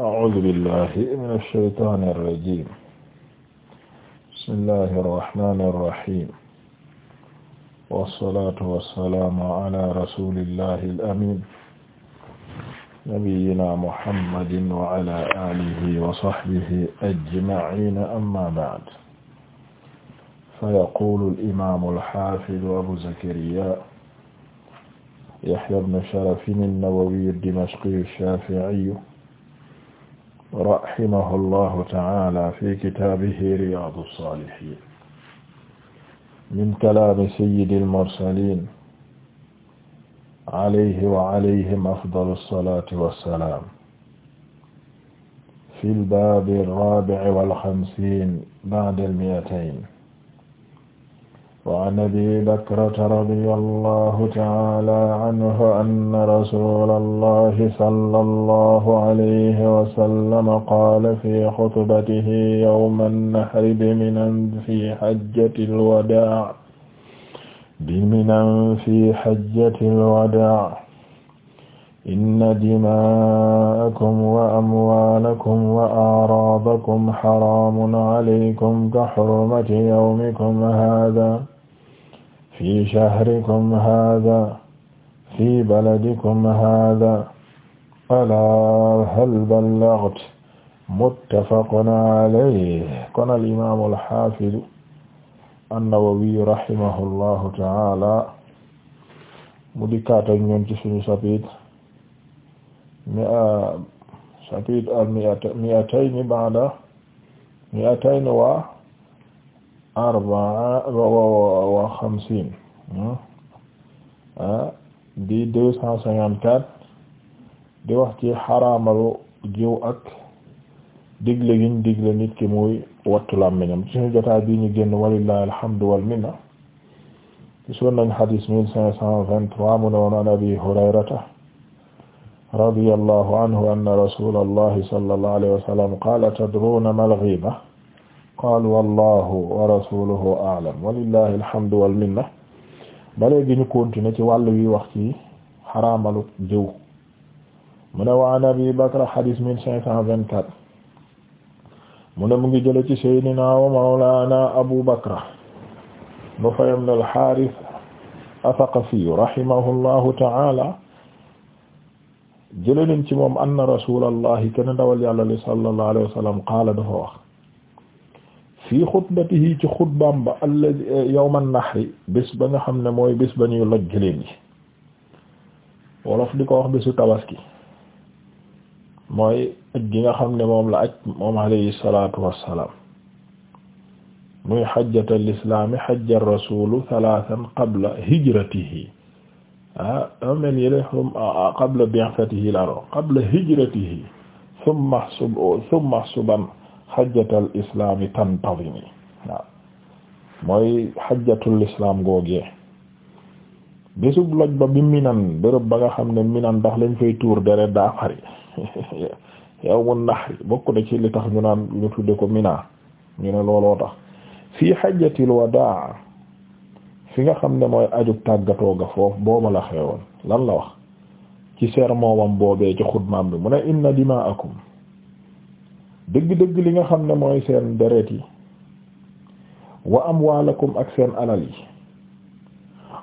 أعوذ بالله من الشيطان الرجيم بسم الله الرحمن الرحيم والصلاة والسلام على رسول الله الأمين نبينا محمد وعلى آله وصحبه أجمعين أما بعد فيقول الإمام الحافظ أبو زكريا يحيى بن شرف النووي الدمشقي الشافعي rahimahu llahu ta'ala fi kitaabihi riyaadu saalihiin min kalaami sayyidil mursaliin alayhi wa alayhim afdalu salaati wa salaam fil baabi raabi'i wal xamsiin ba'dal mi'atayn وعن أبي بكرة رضي الله تعالى عنه أن رسول الله صلى الله عليه وسلم قال في خطبته يوم النحر بمنى في حجة الوداع بمنى في حجة الوداع inna dimaa'akum wa amwaalakum wa a'raadakum xaraamun alaykum ka xurmati yawmikum haadaa fi shahrikum haadaa fi baladikum haadaa alaa hal ballaghtu muttafaqun alayhi kon al-imaam al-haafiz an-Nawawi rahimahullaahu ta'aalaa mu dikkaat ak ñoom ci sunu chapitre chapitre al ah, mi'atayni ba'da mi'atayni wa arba'a wa xamsiin ah, ah, di deux cent cinquante-quatre di wax ci xaraamalu jiw ak digle giñ digle nit ki muy wattu làmmiñam ci suñu bi ñu génn walillahi alhamdu wal minna ci sunu nañ xadiis mille cinq cent vingt-trois mu ne woon an Abi Hurayrata radiyallahu anhu anna rasulallahi sallallahu alayhi wa sallam qaala tadruuna mal ghiiba qaalu wallahu wa rasuluhu a'lam walillahi alhamdu wal minna ba léegi ñu continuer ci wàllu wi wax ci xaraamalu jëw mu ne wa an abi bakra hadis mille cinq cent vingt-quatre mu ne mu ngi jële ci sayyidina wa mawlana abu bakra nufay ibn al-harith ath-thaqafi rahimahullahu ta'ala jëlee nañ ci moom anna rasulallahi kenn dawal yàlla li sallallahu alayhi wa sallam qaala dafa wax fii xutbatihi ci xutbaam ba alladi yawma bés ba nga xam ne mooy bés ba ñuy loj gëléem yi wolof di ko wax bésu tabaski mooy aj gi nga xam ne moom la aj moom alayhi salaatu wassalaam muy xajjata al islaami xajja rasulu thalathan qabla hijratihi amel ah, yële ah, ah, qabla bi'thatihi laro qabla hijratihi summa sub summa suban hajjatal islami tantazimi waaw mooy hajjatul islam googee bésub loj ba bi minan bërëb ba nga xam ne minan ndax lañ fay tuur deret daa fari yawmun nahri bokk da ci li tax ñu naan ñu tudde ko mina ñu ne looloo tax fii hajjatil wadaa fi nga xam ne mooy aju tàggatoo ga foofu booba la xewoon lan la wax ci sermon wam boobee ci xutmaam bi mu ne inna dimaakum dëgg-dëgg li nga xam ne mooy seen deret yi wa amwaalakum ak seen alal yi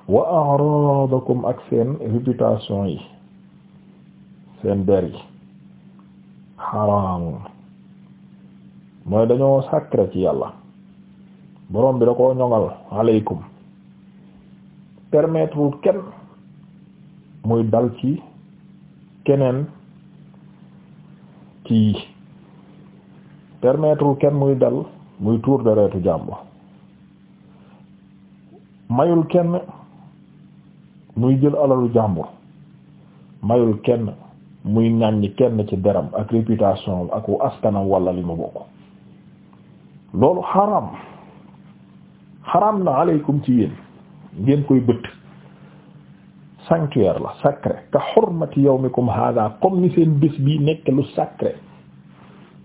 wa a'radakum ak seen réputation yi seen der yi xaraamun mooy dañoo sacré ci yàlla borom bi da koo ñoŋal aleykum permettre kenn muy dal ci keneen ci permettre wul kenn muy dal muy tuur deretu jàmbur mayul kenn muy jël alalu jàmbur mayul kenn muy ñàññ kenn ci deram ak réputation ak wu askanam wala li mu bokk loolu xaram xaram na aleykum ci yéen ngeen koy bëtt sanctuaire la sacré ka xormati yawmikum hada comme ni seen bés bi nekk lu sacré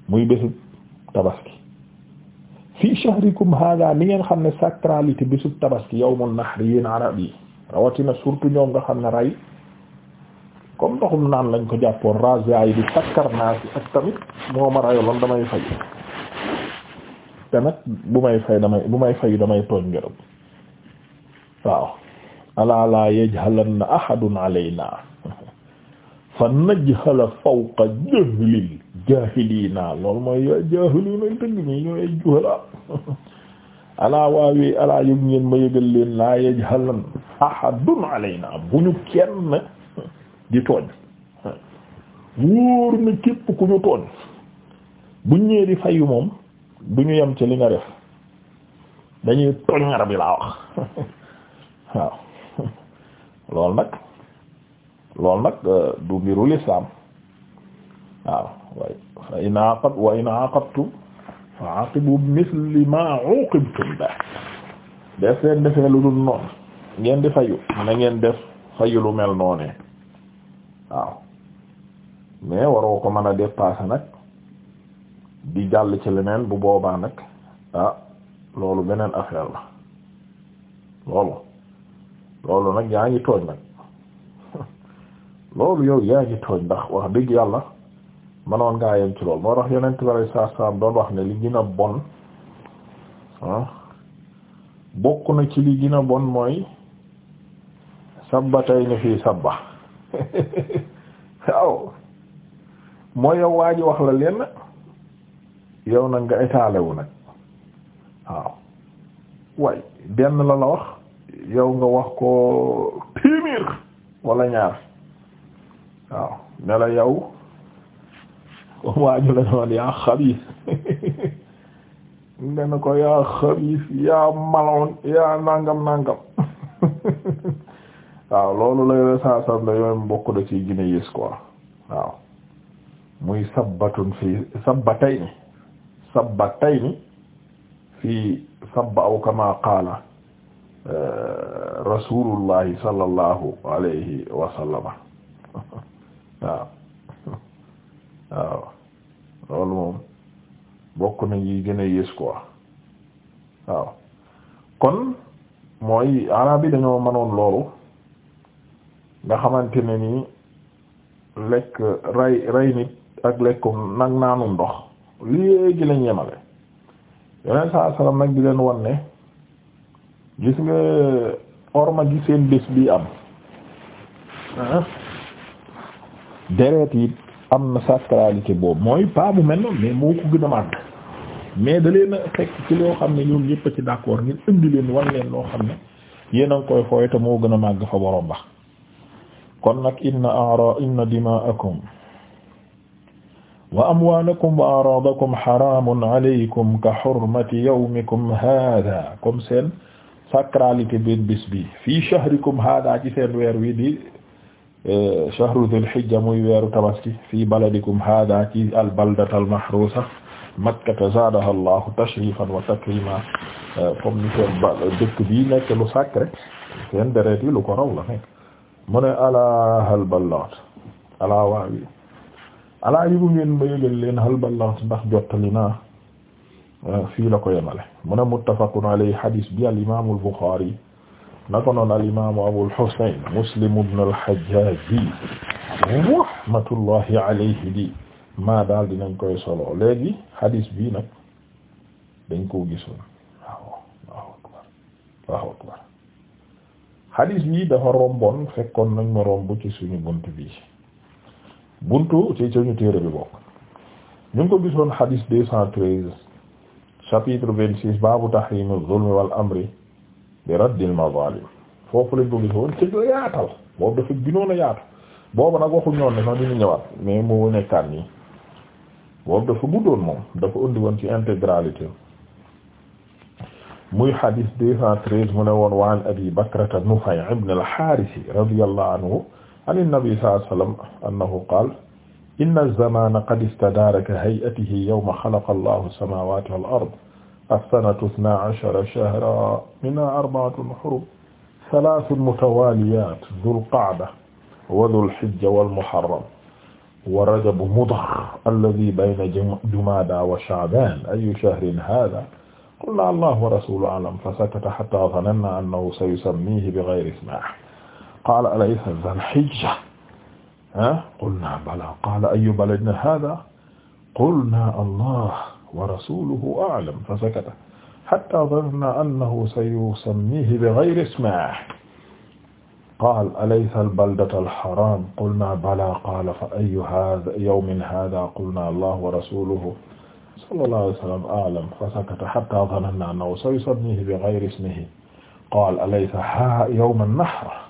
muy bésu tabaski fii shahrikum hada ni ngeen xam ne sacralité bésu tabaski yawmun nahr yéen arab yi rawatina surtout ñoom nga xam ne rey comme ndoxum naan lañ ko jàppoon raja yi di sakkar naa si ak tamit moo ma rayoloon damay fay te nag bu may fay damay bu may fay damay tooñ ngërëm waaw alaa laa yajhalanna ahadun alaynaa fa najhala fawqa jahlil jaahiliina loolu mooy yooy jaahiliina dëgg ñi ñooy ay juhala alaa waawee alaa yëg ngeen ma yëgal leen laa yajhalan ahadun alaynaa bu ñu kenn di tooñ wóor na képp ku ñu tooñ bu ñëwee di fayu moom du ñu yem ci li nga def dañuy tooñ nga rab yi laa wax waaw loolu nag loolu nag euh, du mbiru lislaam waaw way fa in aqab wa in aqabtum fa aqibu misli ma uqibtum ba def leen defee lu dul noonu ngeen di fayu na ngeen def fayu lu mel noonee waaw mais waroo ko mën a dépasser nag di jàll ci leneen bu boobaa nag ah loolu beneen affaire la loolu loolu nag yaa ngi tooñ nag loolu yow yaa ngi tooñ ndax wax dëgg yàlla manoon ngaa yem ci loolu moo tax yeneen tubaab yi saa saa doon wax ne li gën a bon ah, bokk na ci li gën a bon mooy sabba tey ni fii sabba waaw mooy yow waa wax la lenn yow nag nga étalé nag waaw waaye benn la la wax. yow nga wax ko téeméer wala ñaar waaw ne la yow waaju la noon yaa xabiis nga ko yaa xabiis yaa maloon yaa nangam nangam waaw loolu la yooyu saa yooyu mbokk da ci gine yées quoi waaw muy sabbatun fi sabbatayni sabbatayni fi sabba aw kama qaala Eh, rasulullahi sallallahu alayhi wa sallama waaw waaw loolu moom bokk na yi gën a yées quoi waaw kon mooy arab yi dañoo mënoon loolu nga xamante ne nii lekk rey rey nit ak lekk nag naanu ndox léegi lañ yemale yeneen saa salaam nag di leen wan gis nga orma gi seen bés am ah. deret am na sacralité boobu mooy pas bu mel noonu mais moo gën a màgg mais da fekk ci loo xam ne ñoom ñëpp a ci d'accord ngeen indi leen wan leen xam ne yéen koy fooy te moo gën fa borom kon nag inna dimaakum wa amwaalakum wa araadakum haramun alaykum ka hurmati yawmikum haadaa comme seen sacralité bi bis bi fii shahrikum hada ci seen weer wi di e, shahru dhul hijja muy weeru tabaski fii baladikum hada ci al baldata al mahrusa makkata zaadaha allahu tashrifan wa takrima e, comme ni seen ba dëkk bi nekk lu sacré seen alaa hal alaa waawi alaa yëgu ngeen ma yëgal leen ndax jottali naa fii la ko yemale mu ne muttafaqun alayhi hadis bi al imam al Bukhari nako al imam Muslim ibn al Hajjaj rahmatullahi alayhi di maa daal dinañ koy solo léegi hadis bi nag dañ koo gisoon waaw waaw akbar waaw akbar hadis bi dafa romboon fekkoon nañ ma romb ci suñu bunt bi buntu ci suñu téere bi bokk ñu ko gisoon hadis chapitre vingt-six baabu tahrimi zulmi wal amri bi raddil mazalim foofu lañ ko gis woon ci la yaatal boobu dafa ginoon a yaatu boobu nag waxuñ ñoon ne sax dina ñëwaat mais moo nekkaat nii boobu dafa guddoon moom dafa indi woon ci intégralité muy hadith deux woon waan abi bakrata nufay ibn al-harith radiyallahu anhu an nabi sallallahu alayhi wa sallam inna zamaana qad istadaara ka hay'atihi yawma xalaqa allahu samaawaati wal ard as-sanatu isnaa ashara shahran minhaa arba'atun hurum salaasun mutawaaliyaat zul qa'da wa zul hijja wal muharram wa rajabu mudar allazii bayna jumaadaa wa sha'baan ayyu shahrin haazaa qulnaa allahu wa rasuuluhu a'lam fasakata hattaa zanannaa annahu sayusammiihi bighayri ismihi qaala alaysa zul hijja ah qulna bala qala ayu baladina hada qulna allah wa rasuluhu a'lam fa sakata hatta dhanna annahu sayusammihi bighayri ismihi qaal alaysa albaldatu alharam qulna bala qala fa ayu hada yawmin hada qulna allah wa rasuluhu sallallahu alayhi wa sallam a'lam fa sakata hatta dhanna annahu sayusammihi bighayri ismihi qaal alaysa ha yawma an-nahr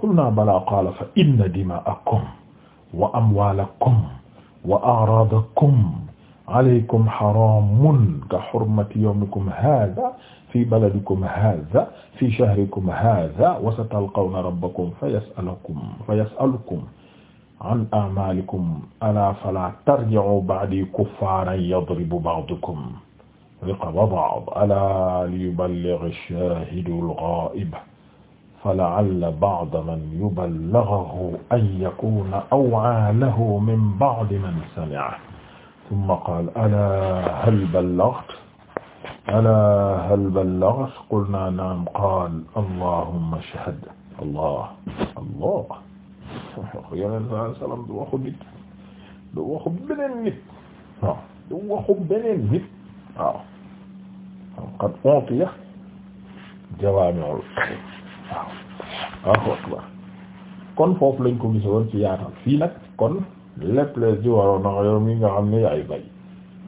qulna bala qaala fa inna dima'akum wa amwaalakum wa a'raadakum alaykum haramun ka hurmati yawmikum haadha fi baladikum haadha fi shahrikum haadha wa satalqawna rabbakum fayas'alukum fayas'alukum an a'maalikum alaa falaa tarji'uu ba'dii kuffaaran yadribu ba'dukum riqaba ba'd alaa liyuballigha ash-shaahidu al-ghaa'ib fala'alla ba'da man yuballighuhu an yakuna aw'a lahu min ba'di man sami'ahu thumma qaala alaa hal ballaghtu alaa hal ballaghtu qulnaa na'am qaala allahumma ashhad allah allah yonent sallallahu alayhi wa sallam du waxu nit du waxu beneen nit waaw du waxu beneen nit waaw qad u'tiya jawaami'ul kaliim waaw waaw akbar kon foofu lañ ko gis ci yaatal fii nag kon lépp les di waroon na yow mi xam ne yaay bay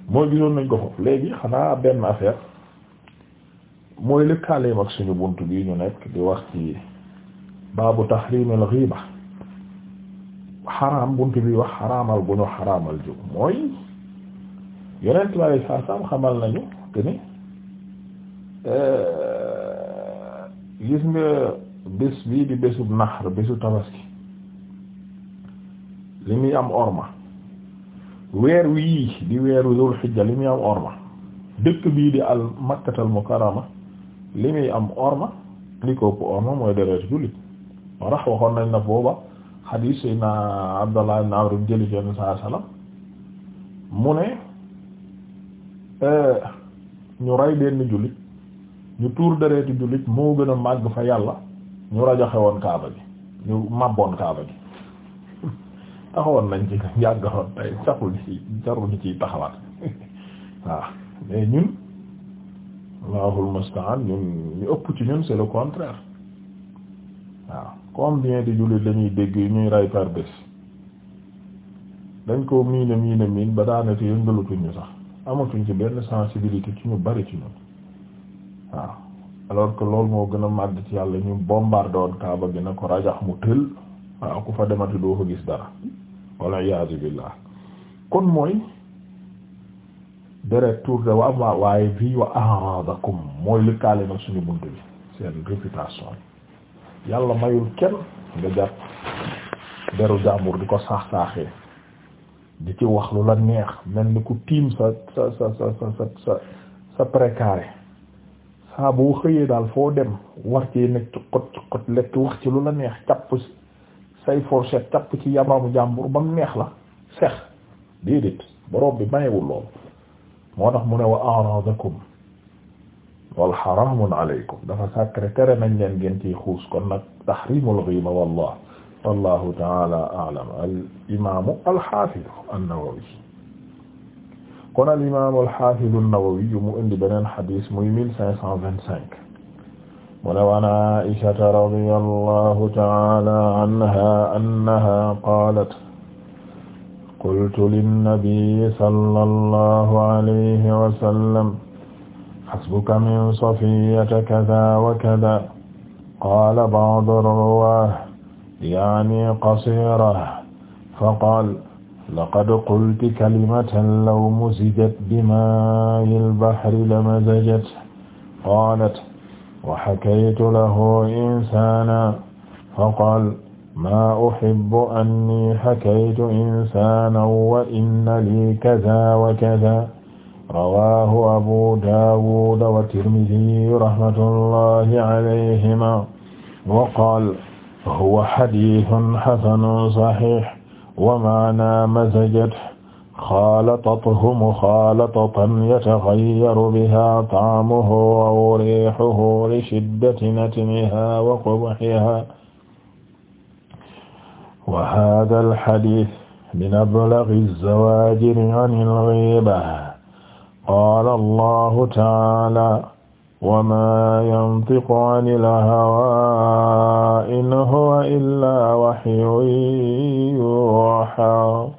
mooy gisoon nañ ko foofu léegi xanaa benn affaire mooy lëkkaaleem ak suñu bunt bi ñu nekk di wax ci baabu tahrimil ghiba xaraam bunt bi wax xaraamal bu ñu xaraamal jóg mooy yonent bi alayhi salaam xamal nañu te ni euh, gis nga bés bii di bésub naxar bésu tabaski li muy am orma weer wii di weeru dul xijja li muy am orma dëkk bii di al makkatal mukarrama li muy am orma li ko ëpp orma mooy deret jullit moo tax waxoon nañ na booba xadiis yi na Abdallah ibn Amr jëli ci saa salaam mu ne eh, ñu rey benn jullit ñu tuur dereeti jullit moo gën a màgg fa yàlla ñu rajaxe woon kaaba gi ñu màbboon kaaba gi taxawoon nañ ci njàggaroon tay taxul ci jarul ñu ciy taxawaat waaw mais ñun allahul musta'an ñu ëpp ci ñun c'est le contraire waaw combien de jullit lañuy dégg yu ñuy rey par bés dañ ko miina miina miin ba daanaka yëngalutuñ ñu sax amatuñ ci benn sensibilité ci ñu bari ci ñun waaw alors que loolu moo gën a màgg ci yàlla ñu bombardé woon Kaaba gi na ko rajax mu tël waaw ku fa demati doo fa gis dara walla iyaazu billaah kon mooy deret tour de wa waaye fii wa aradakum mooy lëkkaale nag suñu bunt bi seen réputation yàlla mayul kenn nga jàpp deru jàmbur di ko saax-saaxee di ci wax lu la neex mel ni ku tiim sa sa sa sa sa sa sa précaré saa boo xëyee daal foo dem war cee nekk ci ci lu la neex capp say fourchette capp ci yamaamu jàmbur ba mu neex la sex déedéet borom bi mayewul loolu moo tax mu ne wa a'radakum wal haramun alaykum dafa sacré tere nañ leen ngeen ciy xuus kon nag tahrimul ghima wallah wallahu taala a'lam al imamu al hafiz an-Nawawi kon al imaam al haafiz an-Nawawi mu indi beneen xadis muy mille cinq cent vingt-cinq mu ne waan Aysata radiyallahu ta'ala anha annaha qaalat qultu linnabiy sallallahu alayhi wa sallam hasbuka min safiyyata kaza wa kaza qaala ba'du ar-ruwaah ya'ni qasiira fa qaala laqad qulti kalimatan law muzijat bimaa'i al-bahri lamazajat qaalat wa hakaytu lahu insaanan faqaala maa uhibbu annii hakaytu insaanan wa inna lii kazaa wa kazaa rawaahu abuu daawuud wa tirmidii rahmatullahi alayhimaa wa qaala huwa hadiisun hasanun sahiih wa maana mazajat xaalatathumu xaalatatan yataxayyaru bihaa ta'muhu aw riihuhu li shiddati natmihaa wa qubhihaa wa haadhal hadiis min ablaghi zawaajiri anil ghiiba qaala Allahu ta'aalaa wama yantiqu anil hawa in huwa illaa wahyun yuuhaa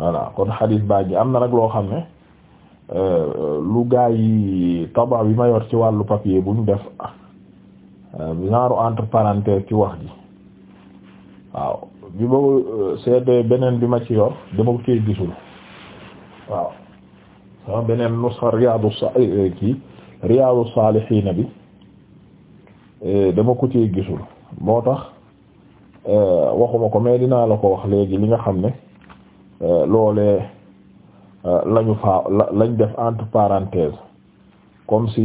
voilà kon xadis baa am na nag loo xam ne euh, lu gaa yi tabax bi ma yor ci wàllu papier buñ def euh, genre entre parenthèses ci wax ji waaw bi ma euh, seetee beneen bi ma ci yor dama ko beneen nusxa Riyaadu sa kii. Riyaadu Saalihiin bi eh, dama ko cee gisul moo tax eh, waxuma ko mais dinaa la ko wax léegi li nga xam ne eh, loole lañu faa lañ def entre comme si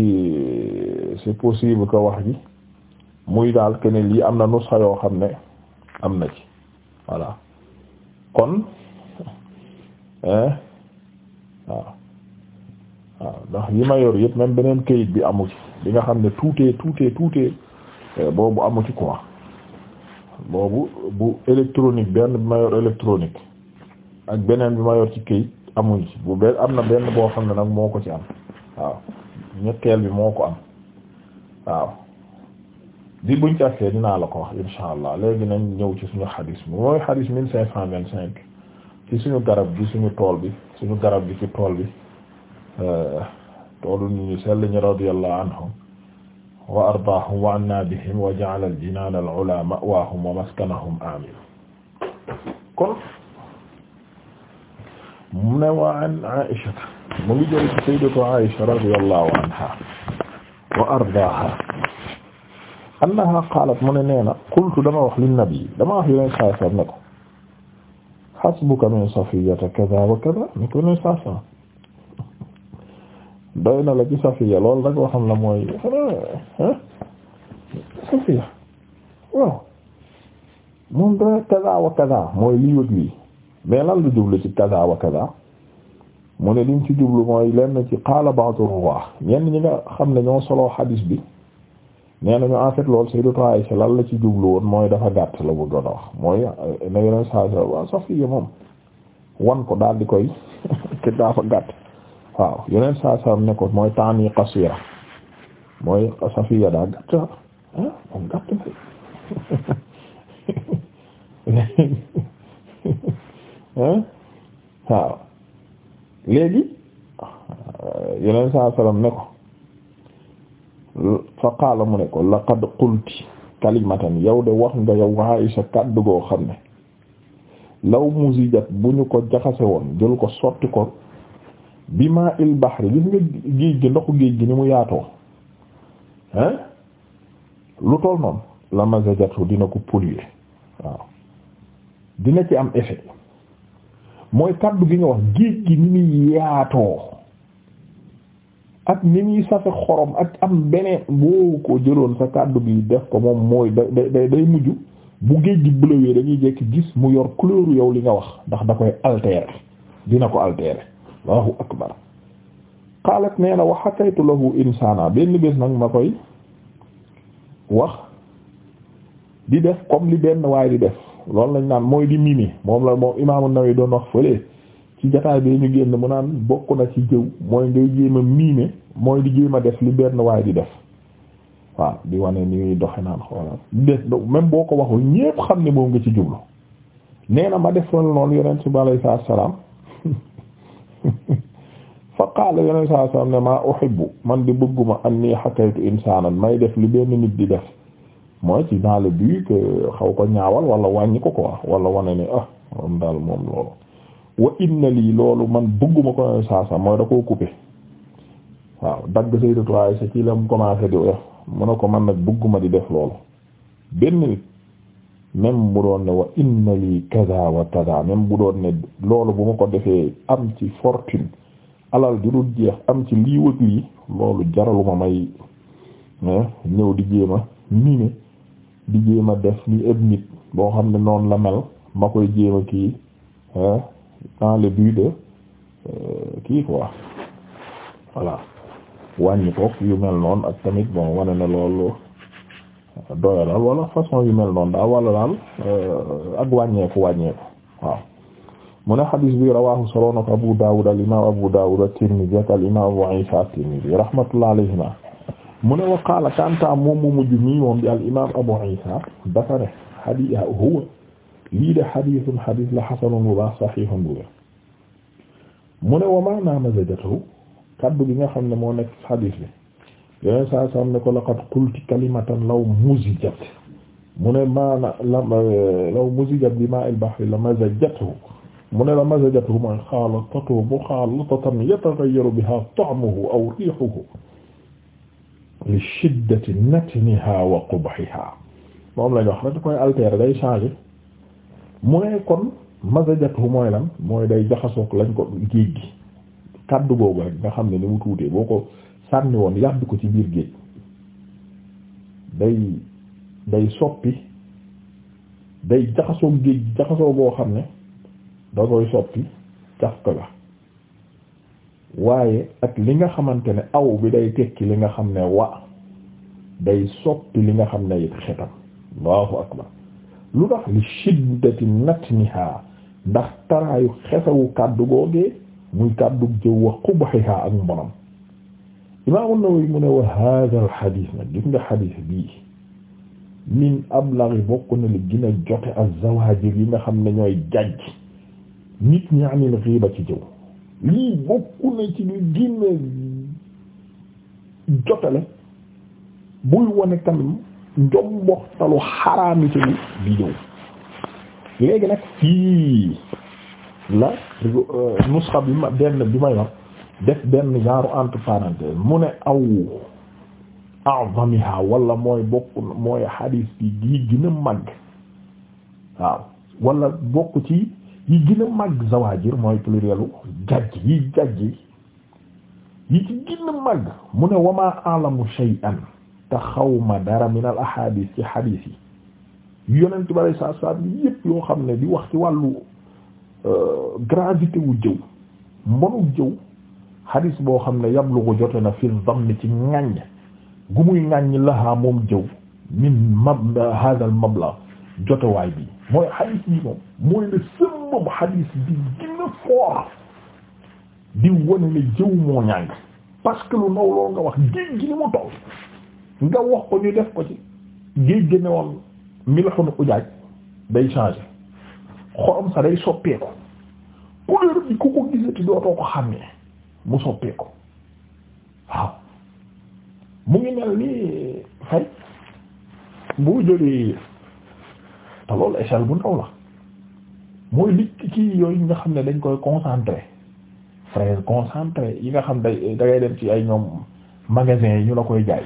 c'est possible ko wax ji muy daal keneen lii am na nusxa yoo xam ne am na ci voilà kon waaw waaw ndox yi ma yor yëpp même beneen kayit bi amu ci bi nga xam ne tuutee tuutee tuutee euh, boobu amu ci wax boobu bu électronique benn bi ma ak beneen bi mayor ci kayit amuñ ci bu benn am na benn boo xam ne nag moo ko ci am waaw ñetteel bi moo ko am waaw di buñ ci àgsee dinaa la ko wax insha allah léegi nañ ñëw ci suñu xadis bi mooy xadis mille cinq cent vingt cinq ci suñu garab bi suñu tool bi suñu garab bi ci tool bi toolu euh, ñu ñu sell ñi radiyallahu anhum wa ardaahum wa anna bihim wa ja'ala al-jinaan al-'ulaa ma'waahum wa maskanahum amiin kon mu ne wa an Aisha mu ngi jël ci sayyidatu Aisha radiyallahu anha wa ardaaha annaha qaalat mu ne nee na qultu dama wax linnabi dama wax yeneen saa saa ne ko hasbuka min safiyyata kaza wa kaza doy na la ci safiya loolu rek xam na mooy safiya moom dana kaza wa kaza mooy lii wëg lii mais lan lu jublu ci kaza wa kaza mu ne liñ ci jublu mooy lenn ci qaala ba'du ruwaa ñenn ñi nga xam ne ñoo soloo xadiis bi nee nañu en fait loolu Sayyidatu Aisha lan la ci jublu woon mooy dafa gàtt la bëggoon a wax mooy na yeneen saa saa waa safiya moom wan ko daal di koy ki dafa gàtt waaw yeneen saa saam ne ko mooy taani qasira mooy safiya daa gàtt ah moom gàtt na waaw léegi yeneen saa saam ne ko fa qaala mu ne ko laqad qulti kalimatan yow de wax nga yow Aisha kàddu goo xam ne law muzijat bu ñu ko jaxase woon jël ko sotti ko. bi maa il bahri gis nga géej gi ndoxu géej gi ni mu yaatoo hein lu toll noonu la mazajatu dina ko polluer waaw dina ci am effet mooy kàddu gi nga wax géej gi ni muy yaatoo ak ni muy safe xorom ak am beneen boo ko jëloon sa kaddu gi def ko moom mooy da day mujj bu géej gi bleuwee dañuy jekk gis mu yor couleur yow li nga wax ndax da koy altérer dina ko altérer allahu akbar qaalat nee na wa xakaytu lahu insana benn bés nag ma koy wax di def comme li benn waaye di def loolu lañ naan mooy di mimi moom la moom imaamu Nawawi doon wax fële ci jataay bi ñu génn mu naan bokk na ci jëw mooy ngay jéem miime mooy di jéem a def li benn waaye di def waaw di wane ni muy doxe naan xoolal def même boo ko waxul ñépp xam ne moom ngi ci jublu nee na ma def loolu noonu yonent bi salaam fa qaala yeneen saa ne maa uhibbu man di bëgguma anni hakaytu insaanan may def li benn nit di def mooy ci dans le but que xaw ko ñaawal wala wàññiku ko quoi wala wane ne ah moom daal moom loolu wa inna lii loolu man bëgguma ko yeneen saa sallam mooy da koo waaw dagg sayyidatu Aysa ci la mu commencé di def mu ne ko man nag bëgguma di def loolu benn nit même bu doon ne wa inna lii kaza wa kaza même bu doon ne loolu bu ma ko defee am ci fortune alal ju dul jeex am ci lii wëg lii loolu jaraluma may ñëw di jéema nii ne di jéema def ni ëpp nit boo xam ne noonu la mel ma koy jéema kii dans le but de euh, kii quoi voilà wàññi koog yu mel noonu ak tamit bon wane na loolu doyalal wala façon yu mel noonu daal wala daal euh, ak wàññeeku wàññeeku waaw mu ne xadis bi rawahu solo na ko Abu Dawud al imam Abu Dawud at-Tirmidhi ak al imam Abu Isa at-Tirmidhi rahmatullah alayhima mu ne wa qaala kanta moom mu mujj nii moom di al imam Abu Isa dafa ne xadis ah, huwa lii de xadisun xadis la xasanun bu baax saxiixun bu wér mu ne wa maanaam mazajatu kaddu gi nga xam ne moo nekk xadis bi yoneen saa saam ne ko laqad qulti kalimatan law muzijat mu ne maana la law muzijat bi ma'il bahri la mazajathu mu ne la mazajathu mooy xaalatatu muxaalatatan yataghayyaru biha ta'muhu aw rihuhu li shiddati natniha wa qubhiha moom lañ wax rek da koy altérer day changer mu ne kon mazajathu mooy lan mooy day jaxasoog lañ ko géej gi kàddu googu rek nga xam ne ni mu tuutee boo ko sànni woon yàbbi ko ci biir géej day day soppi day jaxasoo géej jaxasoo boo xam ne da koy soppi cafka waaye ak li nga xamante ne aw bi day tekki li nga xam ne wa day soppi li nga xam ne it xetam allahu akbar lu tax li shiddati natniha ndax taraayu xesawu kàddu googee muy kàddu jëw wa qubhiha ak mbonam Imaam An-Nawawi mu ne wa haadha al nag gis nga xadis bii min ablaghi bokk li gën a jote az-zawaajir yi nga xam ne ñooy jàjj nit ñi anil ghiiba ci jëw lii bokk ci li gën a jotale buy wane tamit njomboxtalu xaraami bi jëw léegi nag fii la euh, nusxa bi ma benn bi may wax def benn genre entre parenthèses mu ne aw a'zamiha wala mooy bokk mooy xadiis bi yi gën a màgg waaw wala bokk ci yi gën a màgg zawajir mooy plurielu jajj yi jajj yi ci gën a màgg mu ne wama alamu shay'an te xawma dara min al ahadis ci xadiis yi yu yonent bi alei saatu salaam yi yëpp yoo xam ne di wax ci wàllu euh, gravité wu jëw mbonu jëw xadis boo xam ne yablugu jote na fi dammi ci ŋàññ gu muy ŋàññ lahaa moom jëw min mab hada al mabla jotewaay bi mooy xadis yi moom mooy ne sëmmam xadis bi gën a di wane ne jëw moo ñàng parce lu naw nga wax géej gi ni mu toll nga wax ko ñu def ko ci géej gi ne ujaaj day changer xorom sa day soppeeku couleur bi ku ko gisati dootoo ko xàmmee mu ko waaw mu ngi mel nii fay boo jëlee te loolu échelle bu ndaw la mooy li kii yooyu nga xam ne dañ koy concentré frère concentré yi nga xam day da dem ci ay ñoom magasin yi ñu la koy jaay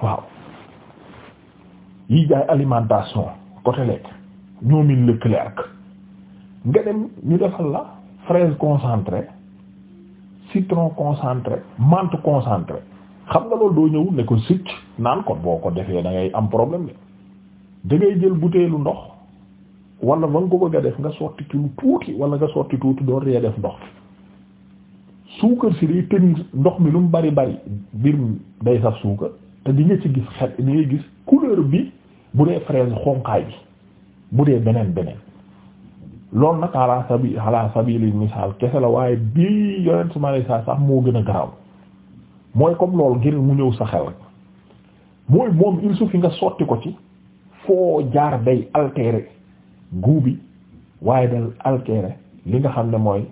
waaw yi jaay alimentation côté lekk ñoomin Leclerc nga dem ñu defal la fraise concentrée citron concentré menthe concentré xam nga loolu doo ñëw ne ko sicc naan ko boo ko defee dangay am problème de dangay jël butéelu ndox wala ba nga ko bëgg a def nga sotti ci tuuti wala nga sotti tuuti doo ree def ndox suukar si day tënk ndox mi lu mu bari bari biir day saf suukar te di nga ci gis xet di gis couleur bi bu dee fraise xonqaay bi bu dee beneen beneen loolu nag xalaa sabi ala sabili misaal kese la waaye bii yonent su ma saa sax moo gën a garaaw mooy comme loolu ngir mu ñëw sa xel rek mooy moom il suffit nga sotti ko ci foo jaar day altéré guubi waaye dal altéré li nga xam ne mooy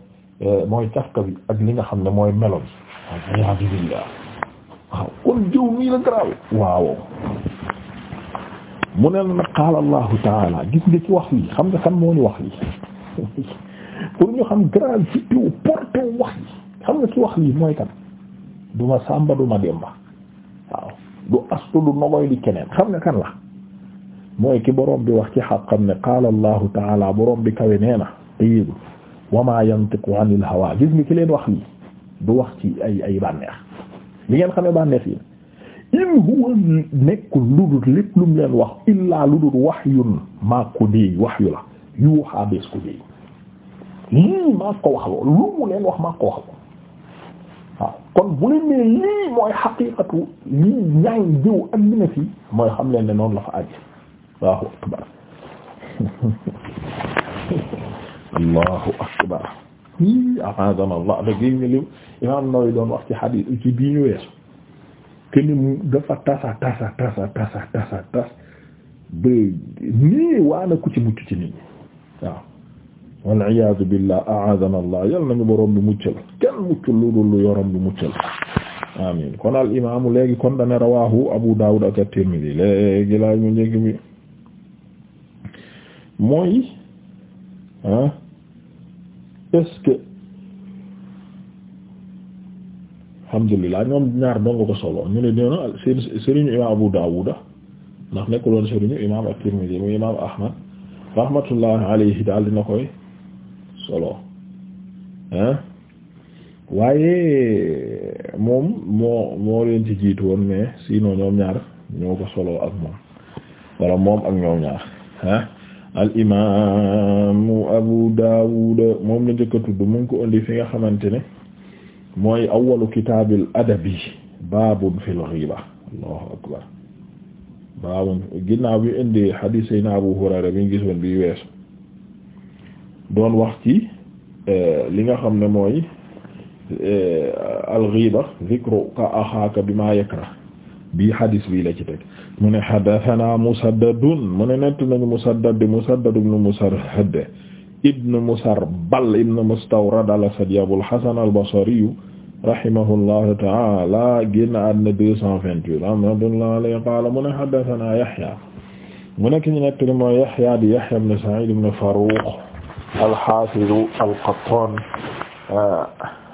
euh, mooy cafka bi ak li nga xam ne mooy melo bi waaw kon jëw nii la garaawe waaw mu ne la nag qaala allahu gis nga ci wax lii xam nga kan moo ñu wax lii pour ñu xam gravité wu porté wax yi xam nga ki wax lii mooy kan du ma sàmba du ma demba waaw du astu du nogoy di keneen xam nga kan la mooy ki borom bi wax ci xaqam ne qaala allahu taala borom bi kawe nee na te yéegul wa ma yantiqu anil hawa gis ki leen wax du wax ci ay ay bànneex li ngeen xam ne bànneex yi in huwa nekkul lu dul lépp lu mu leen wax illaa lu dul wahyun maa ko déey wahyu la yu waxaa bés ko lii maa ko wax loolu lu mu leen wax maa ko wax loolu kon bu leen nee lii mooy xaqiiqatu lii ñaay jëw andi na mooy xam leen ne noonu la fa àjj allahu akbar allahu akbar i ahadana allah da gis nga li doon wax ci xadiis ci bii ñu weesu te ni mu dafa tasa tasa tasa tasa tasa tas ba nii waana ku ci mucc ci nit waaw wal iyaadu billah a'aadana allah yal nañu borom bi muccal kenn muccul lu dul lu yorom muccal amin kon al imaamu léegi kon dana rawaahu abu daawud ak at-tirmidhi léegi laaj mu njëkk bi mooy ah est-ce alhamdulillah ñoom ñaar donga ko solo ñu ne dina sëriñu imaam abu daawuda ndax nekkuloon sëriñu imaam at-tirmidhi mu imaam ahmad rahmatullahi alayhi daal dina koy solo ah waaye moom moo moo leen ci jiitu woon mais sinon ñoom ñaar ñoo ko solo ak moom wala moom ak ñoom ñaar ah al imaamu Abu Dawud moom la njëkk tudd mu ngi ko indi fi nga xamante ne mooy awwalu kitaabil adabi baabun fil allahu akbar baabu ginnaaw bi indi hadis Seydina Abu Hurayra bi ñu gisoon bi weesu doon wax ci eh, li nga xam ne mooy eh, al-ghiba dhikruka akhaka bima yakra bi hadis bi la ci teg mu ne hadathana Musaddadun mu ne nett nañu Musaddad mu ibn Musarhad ibn Musarbal ibn Mustawrad al-Asadi Abul Hasan al-Basri rahimahullahu ta'ala génn àdduna deux cent vingt-huit rahmatullahi alayhi qaala mu ne haddathana Yahya mu nekk ñu nekk ni mooy Yahya di Yahya ibn Sa'id ibn Faruq al al-Qattan uh,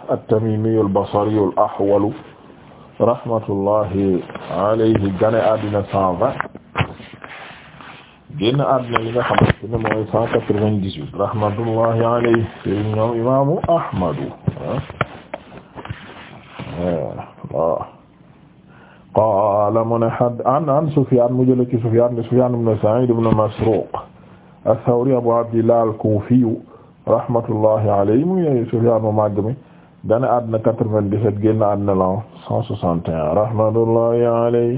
at-Tamimi al-Basri al-Ahwal rahmatullahi alayhi génn àdduna cent vingt génn àdduna li nga xamante ne mooy cent quatre-vingt-dix-huit rahmatullahi alayhi ñoom imaamu Ahmadu ah. waaw qaala mu ne had an an Sufyaan mu jële ci Sufyaan ne Sufyaan ibn Sa'iid ibn Masruuq as-Sawri Abu Abdillah al-Kuufi rahmatullahi alayhi mu ngi Sufyaan mu màgg mi gane àddina 97 génn àddina la 161 rahmatullahi alayhi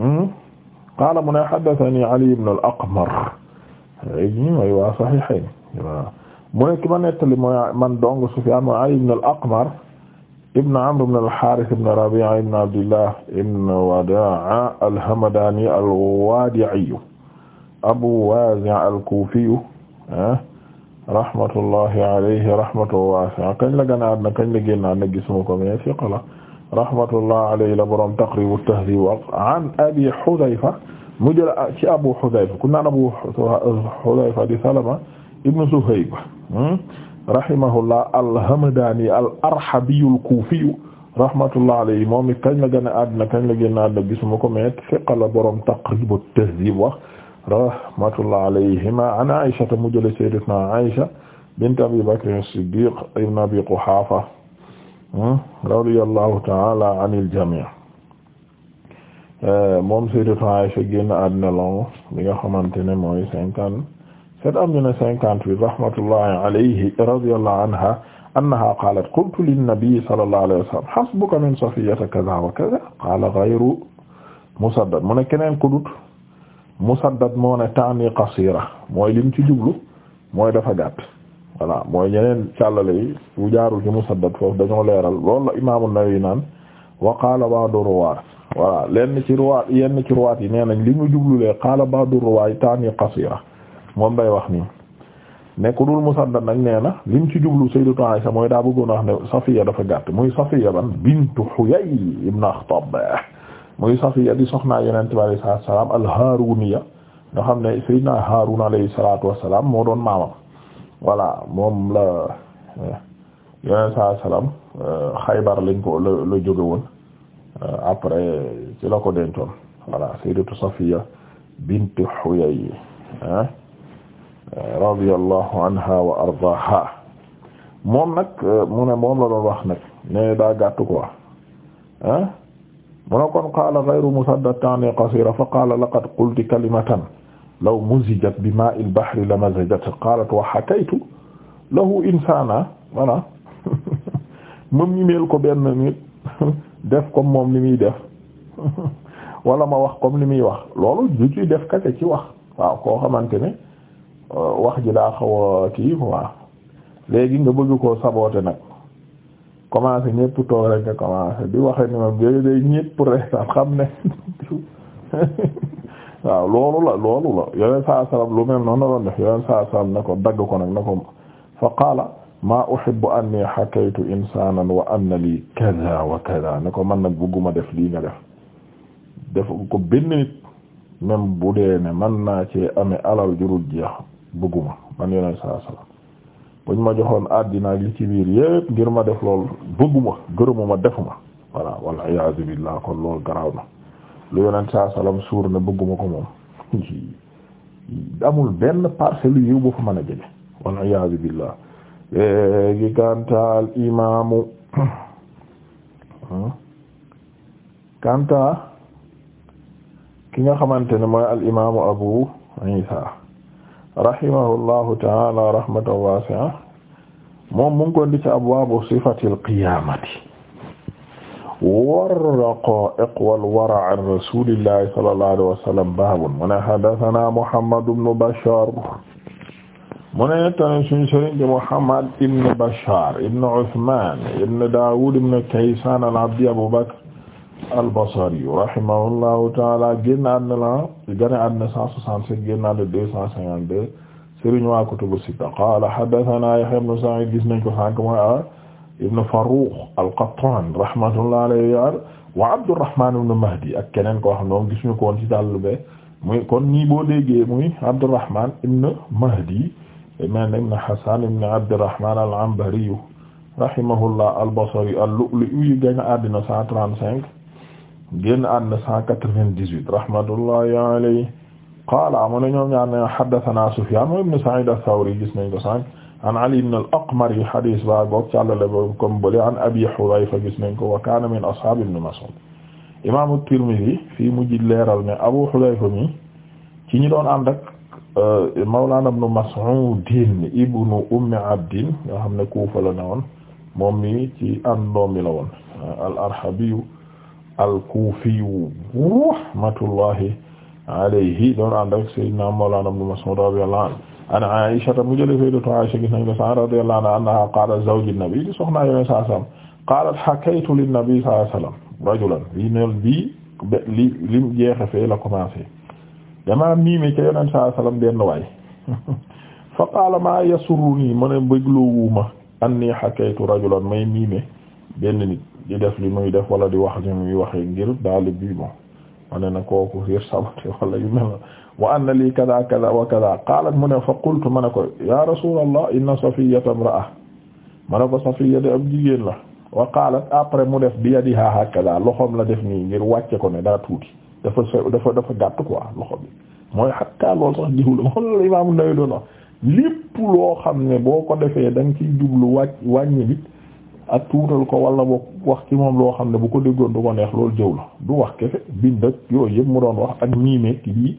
hmm? qaala mu ne haddathanii Ali ibn al-Aqmar mooy waa Sahihayn mu ne ki ma nettali mooy man dong Sufyaan mooy Ali ibn al-Aqmar ibn Amr ibn al-Harith ibn Rabi'a ibn Abdillah ibn Wada'a al-Hamadani al-Wadi'i Abu Wazi' al-Kufi ah, rahmatullahi alayhi rahmatan wasi'a kañ la ganaat na kañ la génnaat na gisuma ko mais fiqa la rahmatullahi alayhi la borom Taqrib at-Tahdhib an Abi Hudhayfa mu jël ci Abu Hudhayfa ku naan Abu Hudhayfa di Salama ibn Suhayb hmm? rahimahullah alhamdani al arhabiyul kuufiyu rahmatullah alayhi moom it kañ la gën a àddina kañ la gën a àddina gisuma ko mais fiqa la borom taqribu tahdib wax rahmatullah alayhima an aishata mu jële sayyidatuna aisha bint abi bakr as-siddiq ibn abi quhafa hmm, radiyallahu ta'ala anil jami' eh, moom sayyidatuna aisha génn àddina long li nga xamante ne mooy cinquante seet am ñu ne cinquante-huit rahmatullahi alayhi radiyallahu anha annaha qalat qultu linnabi sallallahu alayhi wa sallam hasbuka min safiyyata kaza wa kaza qala ghayru musaddad mu ne keneen ku dut musaddad moo ne taani qasira mooy lim ci jublu mooy dafa gàtt voilà mooy ñeneen càllale yi bu jaarul ci musaddad foofu dañoo leeral loolu la imaamu Nawawi naan wa qaala ba'du ruwaat voilà lenn ci ruwaat yenn ci ruwaat yi nee nañ li mu jublulee qaala ba'du ruwaat taani qasira moom lay wax nii ne ku dul nag nee na lim ci jublu Sayyidatu Aisha mooy daa bëggoon a wax ne Safiya dafa gàtt muy Safiya ban bintu Huyay ibn Akhtab muy Safiya di soxnaa Yonent bi alayhi salaam al-Haaruniya nga xam ne Sayyidina Haarun alayhi salaam moo doon maamam voilà moom la eh, eh, Xaybar lañ ko la la jóge woon eh, après ci la ko dencoon voilà Sayyidatu Safiya bintu Huyay ah. radiyallahu anha wa ardaaha moom nag euh, mu ne moom la doon wax nag ne daa gàttu quoi ah mu ne kon qaala ghayru musaddatin qasira fa qaala laqad qulti kalimatan law muzijat bi maa'il bahri lamazajat qaalat wa hakaytu lahu insaana voilà moom ñimeel ko benn nit def comme moom li muy def wala ma wax comme li muy wax loolu du ciy def kese ci wax waaw koo xamante ne Euh, wax ji daa xaw a kii quoi léegi nga bëgg koo saboote nag commencé ñëpp toog rek nga commencé di waxe ni moom day day ñëpp reetaan xam ne waaw loolu la loolu la yeneen saa lu mel noonu la doon def yeneen saa na ko dagg ko nag na ko fa qaala maa uhibbu anni hakaytu insanan wa anna lii kaza wa kaza ne ko man nag bëgguma def lii nga def def ko benn nit même bu dee ne man naa cee amee alal jurul jeex bëgguma man yoneen saa salaam buñ ma joxoon àddina ak li ci biir yépp ngir ma def lool bëgguma gërëmu ma defuma voilà walla iyaazu billaah kon loolu garaaw na lu yoneen saa salaam suur ne bëgguma ko moom amul benn parcelle yu yiw bu fa mën a jege walla iyaazu billaah gi kantaal imaamu hmm? kanta ki nga xamante ne mooy al imaamu abu isa rahimahullahu taala rahmatan wasi'a moom mu ngi ko di ci abwaabu sifatil qiyaamati wa raqaa'iq wal wara' an rasuulillahi sallallahu alayhi wa sallam baabun mu ne haddasanaa Muhammad ibn Bashaar mu ne nettali suñu sëriñ di Muhammad ibn Bashaar ibn Usmaan ibn Daawuud ibn Kaysaan al-Abdi Abu Bakr al-Basri rahimahullahu taala génn àddina la gane àddina 167 génn àddina 252 sëriñ waa kutubu sitta qaala haddathana Yahya ibn Sa'id gis nañ ko sànq mooy ibn Farrukh al-Qattan rahmatullahi alayhi wa Abdurrahman ibn Mahdi ak keneen koo xam ne moom gis ñu ko woon ci dàll be muy kon nii boo déggee muy Abdurrahman ibn Mahdi man ibn Hasan ibn Abdurrahman al-Anbari rahimahullah al-Basri al-Lu'lu'i gane àddina 135 gen àdduna cent quatre-vingt-dix-huit rahmatullahi alayhi qaala mu ne ñoom ñaar ne haddathana Sufyaan mooy ibn Sa'iid ath-Thawri gis nañ ko sànq an Ali ibn al-Aqmar yi hadis ba boog càllale an Abi Hudayfa gis nañ ko wa kaana min ashab ibn Mas'ud imam at-Tirmidhi fii mujj leeral ne Abu Hudayfa mi ci ñi doon ànd ak euh, Mawlana ibn Mas'ud ibn Ummi Abd xam ne Kuufa la ne woon moom mi ci mi la woon al-Arhabi al-Kufiyu rahmatullahi alayhi doon ànd ak Seydina Mawlana Ibn Mas'ud radiyallahu anhu an Aisha mu jële sayyidatu Aisha gis nañ ko sa radiyallahu anha annaha qaalat zawju nabi di soxnaa yoneen saa sallam qaalat hakaytu linnabi saa sallam rajulan lii neen bii li lim jeexe fee la commencé damaa miime ca yoneen saa sallam benn waay fa qaala maa yasurrunii ma ne bëgg loo wuuma annii hakaytu rajulan may miime benn nit di def li muy def wala di wax li muy waxee ngir daal bi bon ma ne na kooku fiir saboté wala yu mel wa anna lii na kada wa kada qaalat mu ne fa qultu ma ne ko ya rasulallah inna safiyata imra'a ma ne ko safiya de ab jigéen la wa qaalat après mu def bi yadiha hakada loxoom la def nii ngir wàcce ko ne daa tuuti dafa dafa dafa gàtt quoi loxo bi mooy xatta loolu sax jiwla moom la imam Nawawi doon wax loo xam ne boo ko defee da nga ciy jublu wàcc wàññi bi ak tuutal ko wala boog wax ci moom loo xam ne bu ko déggoon du ko neex loolu jëw la du wax kefe bind ak yooyu yëpp mu doon wax ak ñiimeeg lii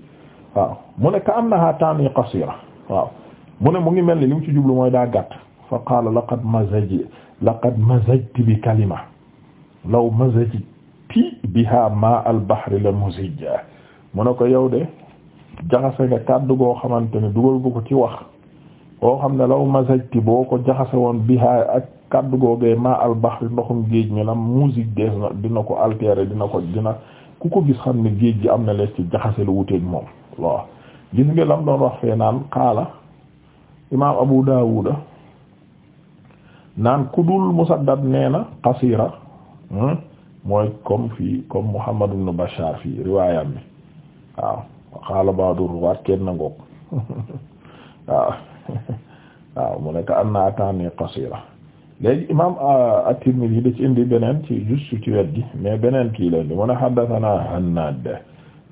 waaw mu ne ka annaha tani qasira waaw mu ne mu ngi mel ni li ci jublu mooy daa gàtt fa qaala laqad mazaji laqad mazajti bi kalima law mazajti biha ma al bahri la muzija mu ne ko yow de jaxase nga kàddu goo xamante ne dugal bu ko ci wax koo xam ne law mazajti boo ko jaxase woon biha ak kaddu googee ma al baxri ndoxum géej mi la musique des na dina ko altérer dina ko dina ku ko gis xam ne géej gi am na lees ci jaxase lu wuteeg moom waaw gis nga lam doon wax fee naan xaala imaam Abu Daawuda naan kudul Musaddad nee na hmm, mooy comme fii comme Muhammad ibn fii riwaayam bi waaw xaala ba'du ruwaat kenn na waaw mu nekk am naa léegi imaam euh, at-Tirmidhi da ci indi beneen ci juste ci wet gi mais beneen kii la di mu ne haddathana Hannad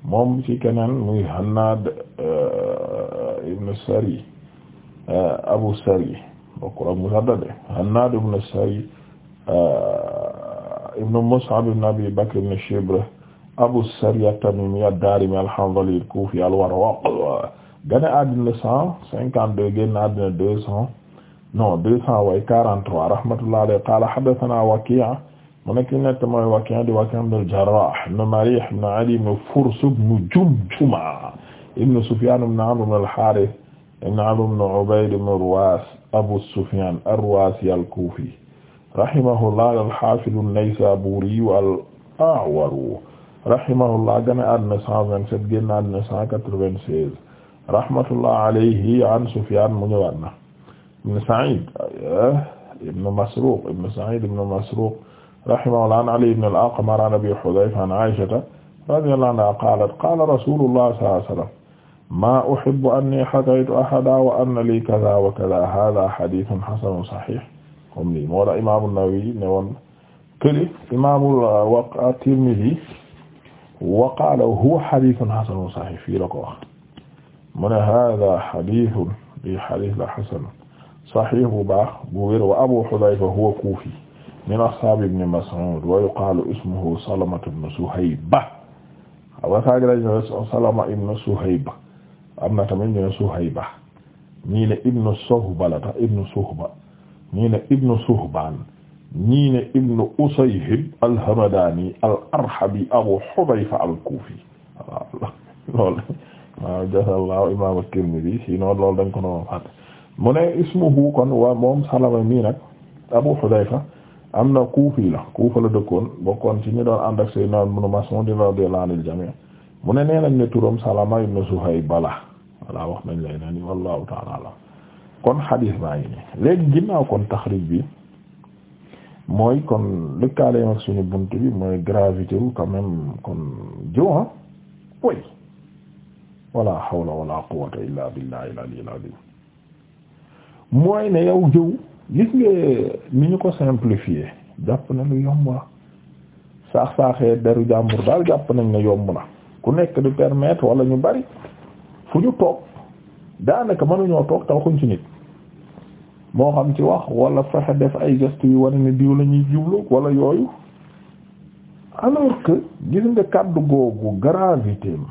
moom ci keneen muy Hannad euh, ibn Sari euh, Abu Sari bokkul ak Musaddad de Hannad ibn Sari ibn Mus'ab ibn Abi Bakr ibn Shibr Abu Sari at-Tamimi ad-Darimi al-Hanzali al-Kufi al-Warraq gane àddina cent cinquante deux génn àddina deux cents non deux cent way quarante-trois rahmatullah alayhi qala hadathana Waki' mu nekk nett mooy Waki' di Waki' ibn al-Jarrah ibn Marih ibn Ali ibn Furs ibn Jumjuma ibn Sufyan ibn Amr ibn al-Harith ibn Amr ibn Ubayd ibn Ruwas Abu Sufyan ar-Ruwasi al-Kufi rahimahullah al-Hafiz an-Naysaburi al-A'war rahimahullah gane àddina 127 génn àddina 196 rahmatullah alayhi an Sufyan mu ñëwaat na ibn Sa'id euh, ibn Masruq ibn Sa'id ibn Masruq rahimahullah an Ali ibn al-Aqma an Abi Hudhayfa an Aisha radiyallahu anha qalat qala rasulullah sallallahu alayhi wa sallam ma uhibbu anni hadaytu ahada wa anna li kaza wa kaza hadha hadithun hasanun sahih comme lii moo tax imaamu Nawawi ne woon këli imaamul wa Tirmidhi wa qaala huwa hadithun hasanun sahih fii la ko wax mu ne hadha hadithun li hadith la hasan sahih bu baax bu wér wa Abu Hudhayfa huwa kufi min ashab ibn Mas'ud wa yuqalu ismuhu Salama ibn Suhayba wa sagila ñu Salama ibn Suhayba am na tamit ñu Suhayba ñii ne ibn Suhba la tax ibn Suhba ñii ne ibn Suhban ñii ne ibn Usayhib al-Hamadani al-Arhabi Abu Hudhayfa al-Kufi waaw loolu waaw jazallahu imam at-Tirmidhi si noonu loolu dañ ko noonu fàtte mu ne ismuhu kon waa moom Salama mii nag Abu Hudayfa am na Kuufi la Kuufa la dëkkoon bokkoon ci ñu doon ànd ak Seydina Ibn Mas'ud radiyallahu anil jami' mu ne nee nañ ne turam Salama ibn Suhayb bala voilà wax nañ lay nani wallahu ta'ala alam kon xadiis baa ngi nii léegi ginnaaw kon taxrij bi mooy kon lëkkaaleem ak suñu bunt bi mooy gravité wu kon joa ah, wala hawla wala quwwata illa billahi al-ali al-azim mooy ne yow jëw gis nga ni ñu ko simplifier jàpp na lu yomb la saax saaxee deru jàmbur daal jàpp nañ ne yomb na ku nekk di permettre wala ñu bari fu ñu toog daanaka mënuñoo toog taw xuñ ci nit moo xam ci wax walla fexe def ay gestes yu wane ne diw la ñuy wala yooyu alors que gis nga kàddu googu gravité m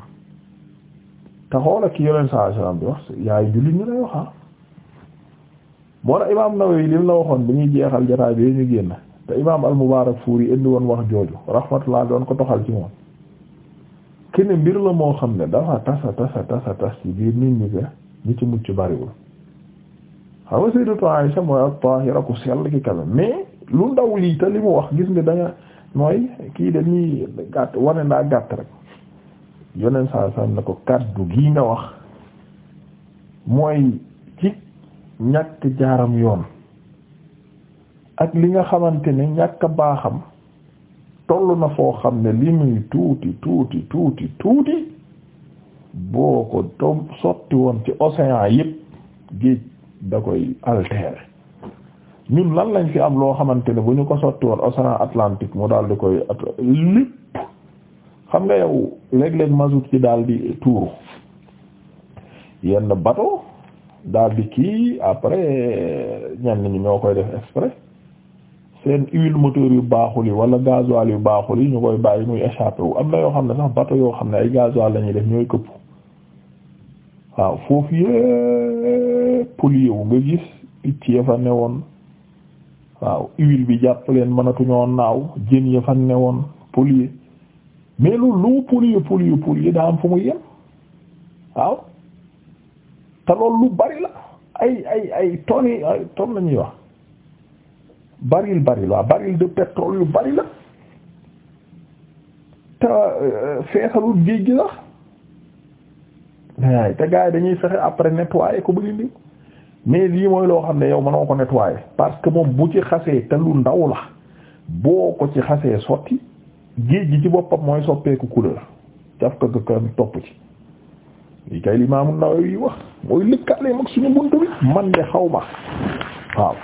te xoola ki yoleen saa wax yaay ñu lay waxa ah. moo tax imaam Nawawi li mu la waxoon bi ñuy jeexal jotaay bi ñu génn te imaam al yi indi woon wax jooju laa doon ko toxal ci moom ne mbir la moo xam ne dafa tasa tasa tasa tas ci biir nit ñi que ñi ci mucc bariwul xam nga Sayyidatu Aisha mooy at-tahira ku sell ki kame mais lu ndaw lii te li mu wax gis nga danga mooy kii dañuy gàtt wane naa gàtt rek yoneen saa saa ne ko kàddu gii nga wax mooy ci ñàkk jaaram yoon ak li nga xamante ni ñàkk baaxam toll na foo xam ne li muy tuuti tuuti tuuti tuuti boo ko doom sotti woon ci océan yépp géej da koy altérer ñun lan lañ fi am loo xamante ne bu ñu ko sotti woon océan Atlantique mu daal di koy at xam nga yow léeg-léeg mazout ci daal di tuuru yenn bato daal di kii après ñan nañu ñoo koy def exprès seen huile moteur yu baaxul yi wala gasoil yu baaxul yi ñu koy bàyyi muy échappé wu am na yoo xam ne sax bateau yoo xam ne ay gasoil la ñuy def ñooy këpp waaw foofu yëpp pollué wu nga gis picc ya fa newoon waaw huile bi jàpp leen mënatuñoo naaw jën ya fa newoon pollué mais loolu lu mu pollué pollué pollué daa am fu mu yem waaw. te loolu lu bari la ay ay ay tonnes ay tonnes la ñuy wax baril baril waaw baril de pétrole yu bari la te euh, feesalul géej gi sax waaye te gars yi dañuy fexe après nettoyer ko ba dindi mais lii mooy loo xam ne yow mënoo ko nettoyer parce que moom bu ci xasee te lu ndaw la boo ko ci xasee sotti géej gi ci boppam mooy soppeeku couleur daf ko gëkkam topp ci li kay Imaam an man de xaw ma waaw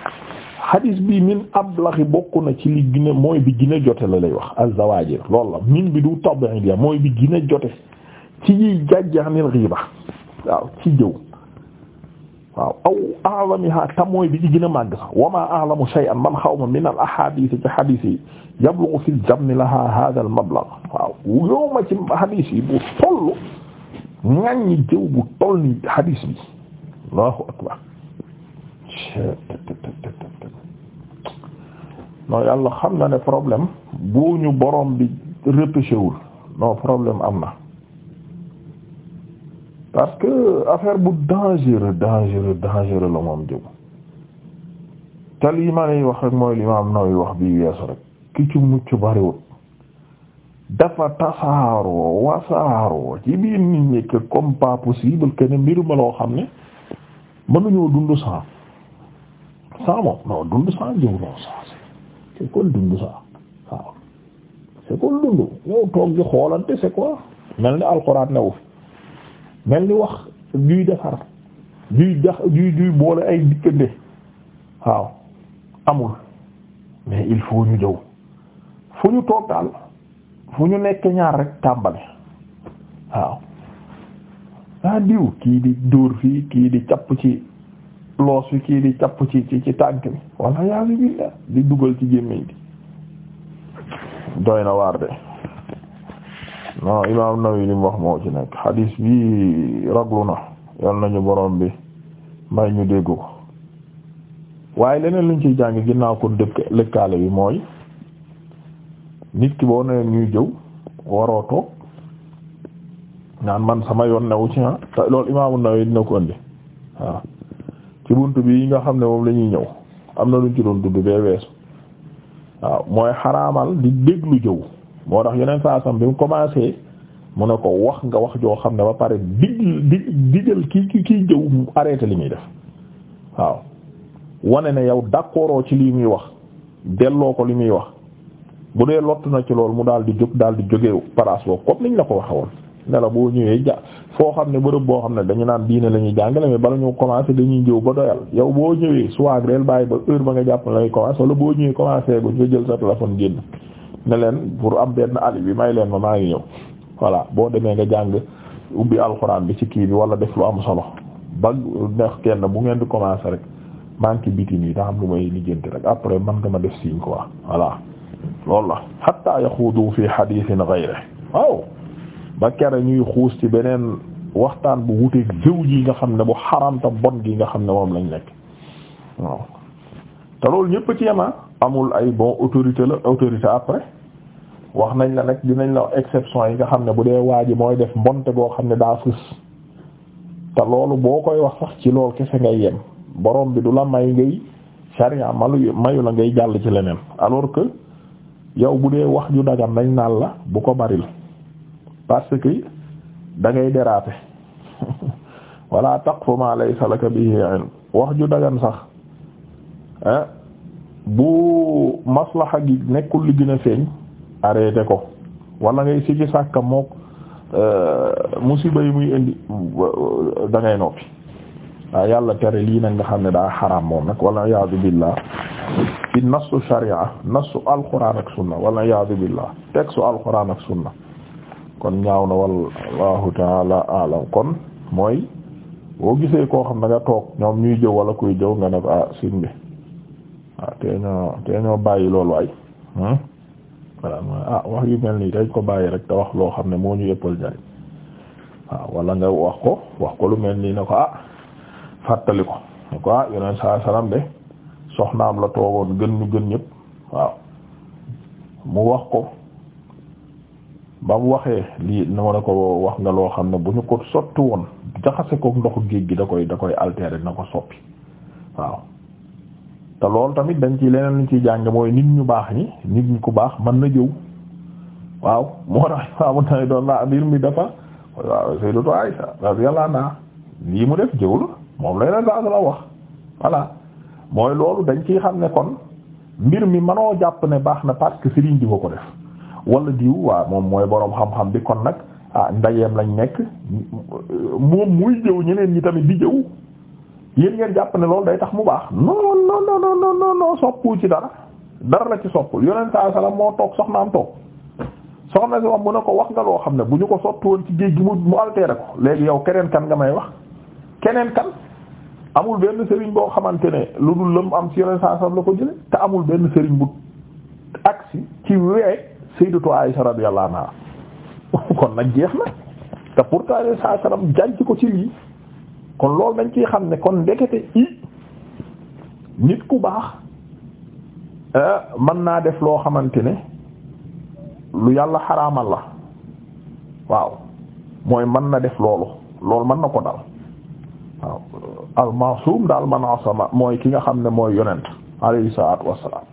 hadis bi min ablaxi bokk na ci li gën a mooy bi gën jote la lay wax az-zawaajir loolu la min bi du tabi'iyya mooy bi gën a jote ci yiy jàjjaanil ghiba ci jëw waaw aw a'lamiha tam mooy bi ci gën a màgg sax wa ma a'lamu shay'an man xaw ma min al ci hadis yi yablughu fi al-jamni laha hadha al-mablagh waaw yow ma ci hadis yi bu tollu ñaan ñi jëw bu toll ni hadis bi allahu yàlla xam na ne problème boo ñu borom bi repêché wul non problème am na parce que affaire bu dangereux dangereux dangereux la moom jëw te lii ma lay wax rek mooy li am Nawawi wax bi weesu rek ki ci mucc bariwul dafa tasaaroo wasaaroo ci biir nit ñi que comme pas possible que ne mbir ma loo xam ne mënuñoo dund sans sans moom non dund sans jiw non sans c'est quoi dund sans waaw c'est quoi dund yow toog di xoolante c'est quoi mel ni alxuraan newu fi mel ni wax juy defar juy dex juy juy boole ay dikkande waaw amul mais il faut ñu jëw fu ñu toog daal. fu ñu nekk ñaar rek tàmbale waaw ah diw kii di dóor fii kii di capp ci loos fi kii di capp ci ci ci tànk bi walla yaa bi billah di dugal ci gémmiñ gi doy na waar de non imaam Nawawi li mu wax moo ci nekk xadiis bi raglu na yal nañu borom bi may ñu dégg ko waaye leneen luñ ciy jàng ginnaaw kon dëkk lëkkaale bi mooy nit ki boo nee ñuy jëw waroo naan man sama yoon newu ci ah. te loolu Imaam An-Nawawi dina ko indi waaw ci bunt bi yi nga xam ne moom lañuy ñëw am na luñ ci doon dudd bee weesu waaw mooy xaraamal di déglu jëw moo tax yeneen saasam bi mu commencé mu ne ko wax nga wax joo xam ne ba pare dig dig digal ki ki kii jëw mu li muy def waaw wane ne yow d'accordoo ci lii muy wax delloo ko li muy wax bu dee lott na ci loolu mu daal di jóg daal di jóge place boobu comme niñ la ko waxe woon ne la boo ñëwee ja foo xam ne bërëb boo xam ne dañu naan diine la ñuy jàngale mais bala ñu commencé dañuy jëw ba doyal yow boo ñëwee soit réel bàyyi ba heure ba nga jàpp ne lay commencé wala boo ñëwee commencé bu ñu jël sa téléphone génn ne leen pour am benn ali bi may leen ma maa ngi ñëw voilà boo demee nga jàng ubbi alxuraan bi ci kii bi wala def lu am solo ba neex kenn bu ngeen di commencé rek maa ngi ci biti nii xam lu may lijjanti rek après man nga ma def signe quoi voilà. loolu la hatta yaxuudu fi hadithin ghayrihi waaw ba kere ñuy xuus ci beneen waxtaan bu wuteeg jëw ji nga xam ne bu xaramta bon gi nga xam ne moom lañ nekk waaw te loolu ñëpp ci yema amul ay bon autorité la autorité après wax nañ la nag dinañ la exception yi nga xam ne bu dee waa ji mooy def mbonte boo xam ne daa fës te loolu boo koy wax sax ci lool kese nga yem boroom bi du la may ngay charia malu mayu la ngay jàll ci leneen alors que yow bu dee wax ju dagan dañ naan la bu ko baril parce que da ngay déraper wala taqfu ma laysa laka bihi ilm wax ju dagan sax bu maslaha gi nekkul li gën a feeñ arrêté ko wala ngay sigi sàkka mook euh, musiba yi muy indi da noppi waaw yàlla tere lii nag nga xam ne daa xaraam moom nag wala iyaadu billah ci nassu sharia nassu alquran ak sunna wala iyadu billah texte alquran ak sunna kon ñaaw na wallahu taala alam kon mooy boo gisee koo xam ne nga toog ñoom ñuy jëw wala kuy jëw nga ne ko ah sin bi ah, loolu waay hmm? ah, wax yu mel nii dañ ko bàyyi rek wax loo xam ne moo ñu ëppal njariñ waaw ah, wala nga wax ko wax ko lu mel nii ne ko ah fàttali ko ne ko ah yeneen saa salaam de soxnaam la toogoon gën ñu gën ñëpp waaw mu wax ko ba mu waxee lii na ne ko wax nga loo xam ne bu ñu ko sotti woon jaxase ko ndoxu géej gi da koy da koy altérer na ko soppi waaw te loolu tamit dañ ci leneen luñ ciy jàng mooy nit ñu baax ni nit ñu ku baax mën na jëw waaw moo tax waamu na doon laa mbir mi dafa waaw Sayyidatu Aisha radiyallahu anha lii mu def jëw la moom lay la daal la wax voilà mooy loolu dañ ciy xam ne kon mbir mi manoo jàpp ne baax na parce que sëriñ diwa ko def wala diw waaw moom mooy boroom xam-xam bi kon nag ah ndajeem lañ nekk moom muy jëw ñeneen ñi tamit di jëw yéen ngeen jàpp ne loolu day tax mu baax non non non non soppu ci dara dara la ci soppul yonent saa salaam moo toog soxnaam toog soxna si wax mu ne ko wax nga loo xam ne bu ñu ko sotti ci géej gi mu mu altéré ko léegi yow keneen kan nga may wax keneen kan. amul benn sëriñ boo xamante ne lu dul la am ci yeneen saa la ko jële te amul benn sëriñ bu agsi ci wee sayyidatu Aisha radiyallahu naa kon nag jeex na te pour yeneen saa salaam jànc ko ci lii kon loolu dañ ki xam ne kon ndekete i nit ku baax eh, mën naa def loo xamante ne lu yàlla xaraamal la waaw mooy mën na def loolu loolu mën na ko dal waaw al maasuum daal man asama mooy ki nga xam ne mooy yonent alayhi salaatu wassalaam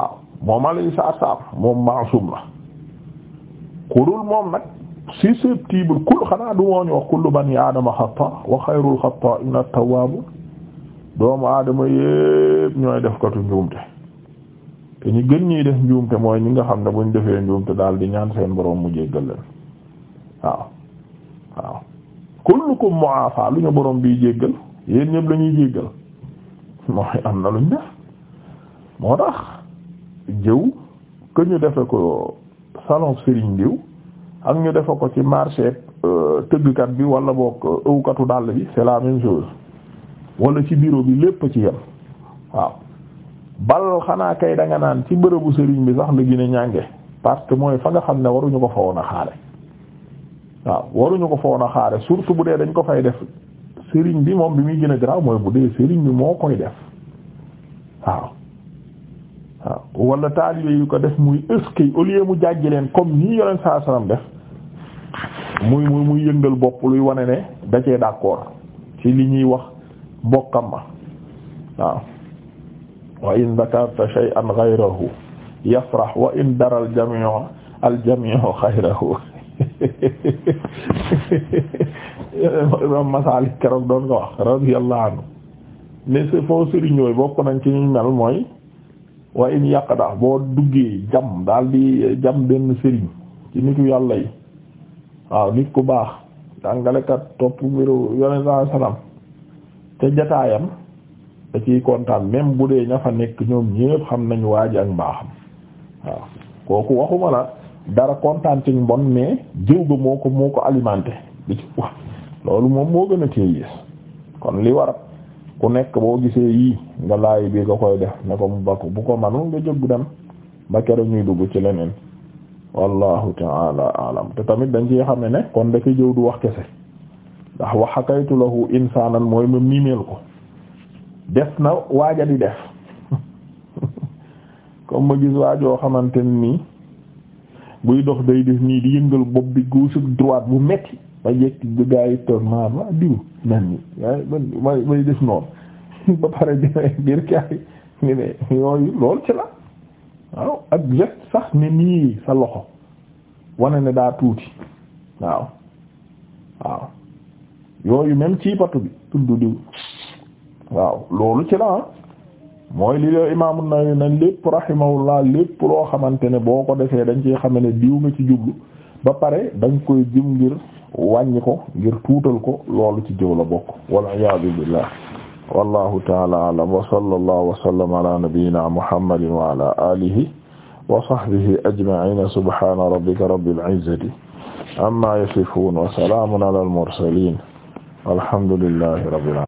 waaw moom alayhi salaatu wassalaam moom maasuum la ku dul moom nag susceptible kul xanaa du moo ñu wax kullu bani aadama xata wa xayrul xata'in at-tawwaabu doomu aadama yépp ñooy def katu njuumte te ñu gën ñuy def njuumte mooy ñi nga xam ne buñ defee njuumte daal di ñaan seen boroom mu jéggal leen waaw kullukum mu'afa lu ñu boroom bi jéggal yéen ñëpp la ñuy jéggal mooy am na luñ def moo tax jëw que ñu defe ko salon Serigne diw ak ñu defe ko ci marché euh, tëggkat bi wala boog euh, ëwkatu dàll bi c'est la même chose wala ci bureau bi lépp ci yem waaw bal xanaa kay da nga naan ci bërëbu Serigne bi sax la gën a ñànge parce mooy fa nga xam ne waruñu ko fa woon a xaare waaw waruñu ko foon a xaare surtout bu dee dañ ko fay def sëriñ bi moom bi muy gën a garaaw mooy bu dee sëriñ bi moo koy def waaw waaw wala yu ko def muy ëskay au lieu mu jàjj leen comme nii yoleen saa salaam muy muy yëngal bopp luy wane ne da cee ci li ñuy wax bokkam ma waaw wa in dhakarta shay'an ghayrahu yafrah wa in dara al jami'u al jami'u khayrahu imam Masalik keroog doon nga wax radiyallahu anhu mais c'est foo sëriñooy bokk nañ ci ñu mel mooy waaye yàq yàqda boo duggee jam daal di jam benn sëriñ ci nitu yàlla yi waaw nit ku baax jàngalekat topp mbiru yonent saa salaam te jataayam da ciy kontaan même bu dee ña fa nekk ñoom ñépp xam nañu waa ji ak mbaaxam waaw kooku waxuma la dara kontaan ci mbon mais jëw ga moo ko moo ko alimenté di ci loolu moom moo gën a tee yées kon li war ku nekk boo gisee yii nga laay bi nga koy def ne ko mu bakk bu ko manul nga jóg dem ba keroog ñuy dugg ci leneen wallahu ta'ala alam te tamit dañ ci xam ne ne kon dafa jëw du wax kese ndax wa hakaytu lahu insanan mooy ma mimeel ko def na waaja di def comme ma gis waajoo xamante nii buy dox day def nii di yëngal bopp bi gauche ak droite bu metti ba yegg bi gaa yi toog ma diw mel ni waaye man may def noonu ba pare demee biir kaay ñu ne yooyu lool ci la waaw ak geste sax ne nii sa loxo wane ne daa tuuti waaw waaw yooyu même ci batu bi tudd diw waaw loolu ci la ah. mooy li lee imaamu Nawawi na lépp rahimahullah lépp loo xamante ne boo ko defee dañ ci xame ne diw nga ci jublu ba pare dañ koy jëm ngir wàññi ko ngir tuutal ko loolu ci jëw la bokk wal iyaadu billah wallahu taala alam wa sallallahu wa sallam ala nabiyyina muhammadin wa ala alihi wa sahbihi ajma'in subhana rabbika rabbil izzati amma yasifun wa salamun ala al mursalin walhamdulillahi rabbil